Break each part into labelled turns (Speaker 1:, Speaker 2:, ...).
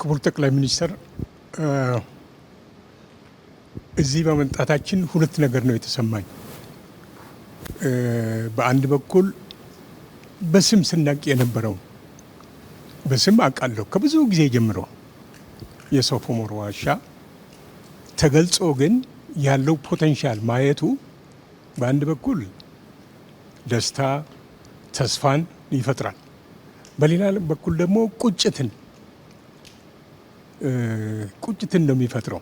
Speaker 1: ክቡር ጠቅላይ ሚኒስትር እዚህ በመምጣታችን ሁለት ነገር ነው የተሰማኝ። በአንድ በኩል በስም ስናቅ የነበረው በስም አውቃለሁ ከብዙ ጊዜ ጀምሮ የሶፎሞር ዋሻ ተገልጾ ግን ያለው ፖቴንሻል ማየቱ በአንድ በኩል ደስታ፣ ተስፋን ይፈጥራል። በሌላ በኩል ደግሞ ቁጭትን ቁጭትን ነው የሚፈጥረው።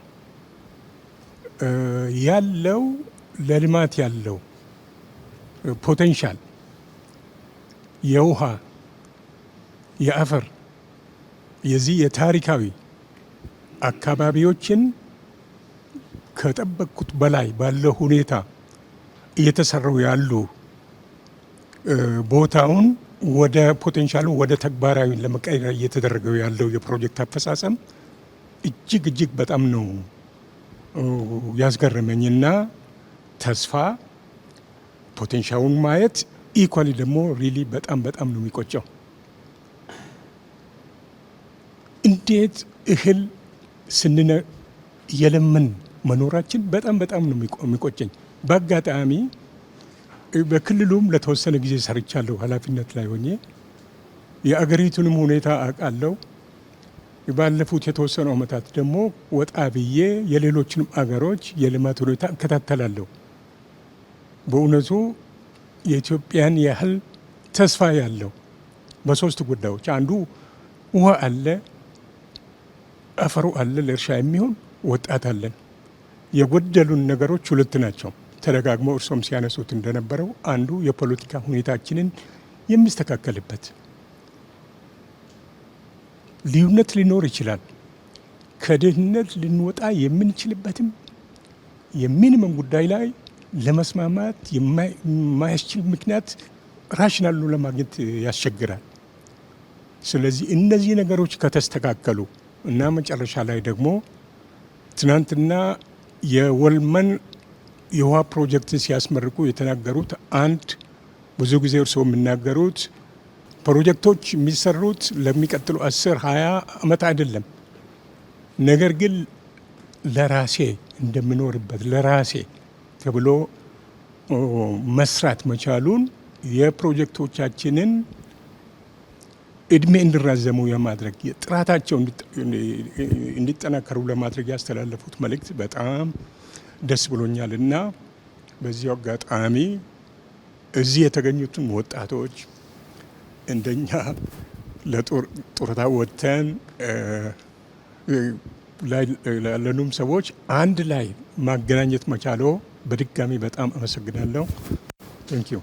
Speaker 1: ያለው ለልማት ያለው ፖቴንሻል የውሃ፣ የአፈር የዚህ የታሪካዊ አካባቢዎችን ከጠበቅኩት በላይ ባለው ሁኔታ እየተሰሩ ያሉ ቦታውን ወደ ፖቴንሻሉ ወደ ተግባራዊ ለመቀየር እየተደረገው ያለው የፕሮጀክት አፈጻጸም እጅግ እጅግ በጣም ነው ያስገረመኝና ተስፋ ፖቴንሻውን ማየት ኢኳሊ ደግሞ ሪሊ በጣም በጣም ነው የሚቆጨው። እንዴት እህል ስንነ የለምን መኖራችን በጣም በጣም ነው የሚቆጨኝ። በአጋጣሚ በክልሉም ለተወሰነ ጊዜ ሰርቻለሁ ኃላፊነት ላይ ሆኜ የአገሪቱንም ሁኔታ አውቃለሁ። ባለፉት የተወሰኑ ዓመታት ደግሞ ወጣ ብዬ የሌሎችንም አገሮች የልማት ሁኔታ እከታተላለሁ። በእውነቱ የኢትዮጵያን ያህል ተስፋ ያለው በሶስት ጉዳዮች አንዱ ውሃ አለ፣ አፈሩ አለ፣ ለእርሻ የሚሆን ወጣት አለን። የጎደሉን ነገሮች ሁለት ናቸው። ተደጋግሞ እርሶም ሲያነሱት እንደነበረው አንዱ የፖለቲካ ሁኔታችንን የሚስተካከልበት ልዩነት ሊኖር ይችላል። ከድህነት ልንወጣ የምንችልበትም የሚኒመም ጉዳይ ላይ ለመስማማት የማያስችል ምክንያት ራሽናሉ ለማግኘት ያስቸግራል። ስለዚህ እነዚህ ነገሮች ከተስተካከሉ እና መጨረሻ ላይ ደግሞ ትናንትና የወልመን የውሃ ፕሮጀክትን ሲያስመርቁ የተናገሩት አንድ ብዙ ጊዜ እርስዎ የሚናገሩት ፕሮጀክቶች የሚሰሩት ለሚቀጥሉ 10 20 ዓመት አይደለም። ነገር ግን ለራሴ እንደምኖርበት ለራሴ ተብሎ መስራት መቻሉን የፕሮጀክቶቻችንን እድሜ እንዲራዘሙ የማድረግ ጥራታቸው እንዲጠናከሩ ለማድረግ ያስተላለፉት መልእክት በጣም ደስ ብሎኛል እና በዚሁ አጋጣሚ እዚህ የተገኙትን ወጣቶች እንደኛ ለጡረታ ወጥተን ላለንም ሰዎች አንድ ላይ ማገናኘት መቻሎ በድጋሚ በጣም አመሰግናለሁ። ቴንኪዩ